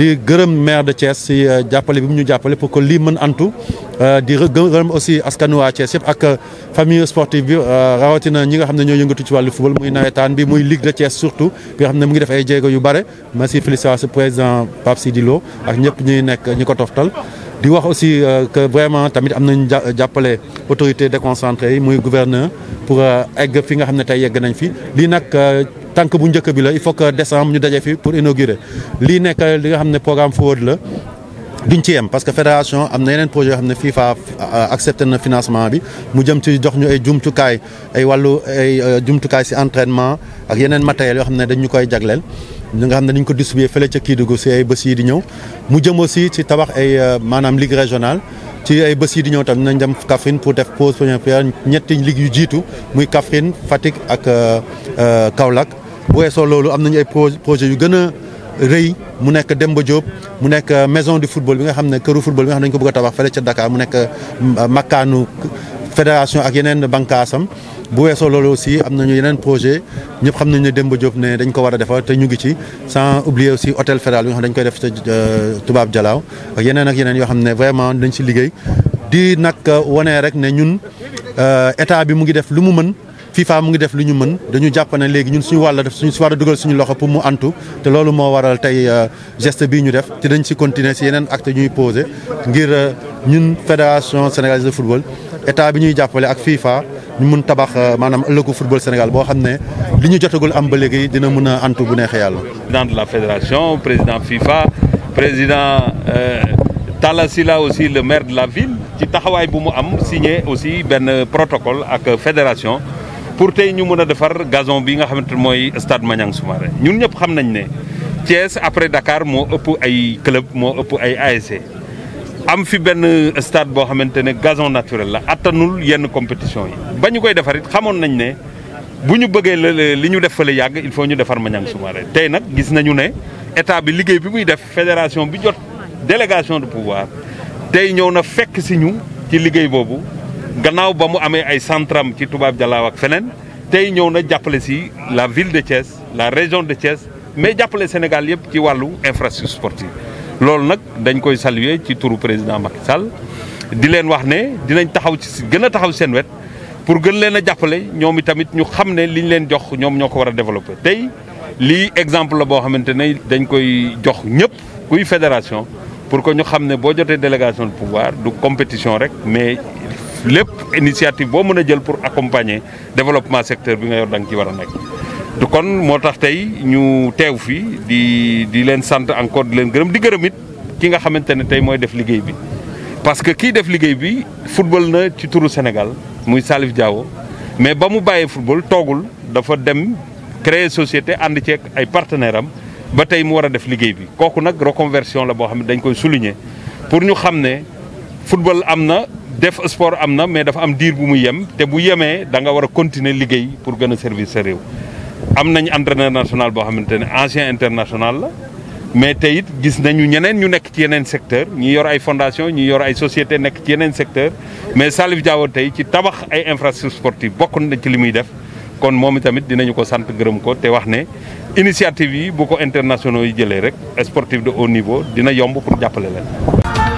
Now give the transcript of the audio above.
di gërëm maire de Thiès si euh, jàppale bi mu ñu jàppale pour que lii mën antu euh, di gërëm aussi askanu waa Thiès ak euh, famille sportive bi rawatina ñi nga xam ne ñoo yëngatu ci wàllu football muy nawetaan bi muy ligue de Thiès surtout bi nga xam ne mu ngi def ay jéego yu bare ma si félicité président Pape Sidi Lo ak ñëpp ñuy nekk ñi ko toftal di wax aussi que vraiment tamit am nañ jàppale autorité déconcentrée yi muy gouverneur pour egg fi nga xam ne tey yegg nañ fi tank bu njëkk bi la il faut que décembre ñu dajé fi pour inaugurer li nekk li nga xamné programme forward la duñ ci yem parce que fédération am na yeneen projet yo xam ne FIFA euh, accepté na financement bi mu jëm ci jox ñu ay jumtukaay ay wàllu ay euh, jumtukaay si entraînement ak yeneen matériel yoo xam ne dañ ñu koy jagleel ñu nga xam ne dañ ko distribuer fële ca Kidougou si ay bés yi di ñëw mu jëm aussi ci tabax ay euh, maanaam ligue régionale ci ay bés yi di ñëw tam nañ dem Kaffrine pour def pause première pierre ñetti ligue yu jiitu muy Kaffrine Fatick ak Kaolack bu weesoo loolu am nañu ay projet yu gën a rëy mu nekk Demba Diop mu nekk maison du football bi nga xam ne këru football bi nga xam ne dañu ko bëgg a tabax fële mu nekk euh, makkaanu fédération ak yeneen bànqaasam bu weesoo loolu aussi am nañu yeneen projet ñëpp xam nañu ne Demba Diop ne dañ ko war a defar te ñu ngi ci sans oublier aussi hôtel fédéral bi nga xam ne dañ koy def ca euh, Toubab Dialaw ak yeneen ak yeneen yoo xam ne vraiment dañ si liggéey di nag euh, wane rek ne ñun état bi mu ngi def lu mu mën. FIFA mu ngi def lu ñu mën dañu jàpp ne léegi ñun suñu wàll def suñu si duggal suñu loxo pour mu antu te loolu moo waral tey euh, geste bi ñu def te dañ ci continuer ci yeneen acte ñuy poser ngir euh, ñun fédération sénégalaise de football état bi ñuy jàppale ak FIFA ñu mun tabax euh, maanaam ëllëgu football Sénégal boo xam ne li ñu jotagul am ba léegi dina mën a antu bu neexee yàlla. président de la fédération président FIFA président Talla Sylla aussi le maire de la ville ci taxawaay bu mu am signé aussi benn protocole ak fédération. pour tey ñu mën a defar gazon bi nga xamante mooy stade Maniang Soumaré ñun ñëpp xam nañ ne Thiès après Dakar moo ëpp ay club moo ëpp ay ASC am fi benn stade boo xamante ne gazon naturel la attanul yenn compétition yi ba ñu koy defar xamoon nañ ne bu ñu bëggee la li ñu def fële yàgg il faut ñu defar mañang Soumaré tey nag gis nañu ne état bi liggéey bi muy def fédération bi jot délégation de pouvoir tey ñëw na fekk si ñu ci liggéey boobu gannaaw ba mu amee ay centram ci tubaab jalaaw ak feneen tey ñëw na jàppale si la ville de Thiès la région de Thiès mais jàppale Sénégal yëpp ci wàllu infrastructure sportive loolu nag dañ koy saluer ci turu président Macky Sall di leen wax ne dinañ taxaw ci gën a taxaw seen wet pour gën leen a jàppale ñoom i tamit ñu xam ne liñ leen jox ñoom ñoo ko war a développer tey lii exemple la boo xamante ne dañ koy jox ñëpp kuy fédération pour que ñu xam ne boo jotee délégation de pouvoir du compétition rek mais lépp initiative boo mën a jël pour accompagner développement secteur bi nga yor da nga ci war a du kon moo tax ñu teew fii di di leen sant encore di leen gërëm di gërëm it ki nga xamante ne tey mooy def liggéey bi parce que kii def liggéey bi football na ci turu Sénégal muy Salif Diao mais ba mu bàyyee football toogul dafa dem créer société ànd ceeg ay partenaire am ba tey mu war a def liggéey bi kooku nag reconversion la boo xam ne dañ koy souligner pour ñu xam football amna def sport am na mais dafa am diir bu mu yem te bu yemee da nga war a continuer liggéey pour gën service sa réew. am nañ entraîneur national boo xamante ne ancien international la mais te gis nañu ñeneen ñu nekk ci yeneen secteur ñu yor ay fondation ñu yor ay société nekk ci yeneen secteur mais Salif Diao tey ci tabax ay infrastructure sportive bokk na ci li muy def kon moom tamit dinañu ko sant gërëm ko te wax ne initiative yi bu ko internationaux yi jëlee rek sportif de haut niveau dina yomb pour jàppale leen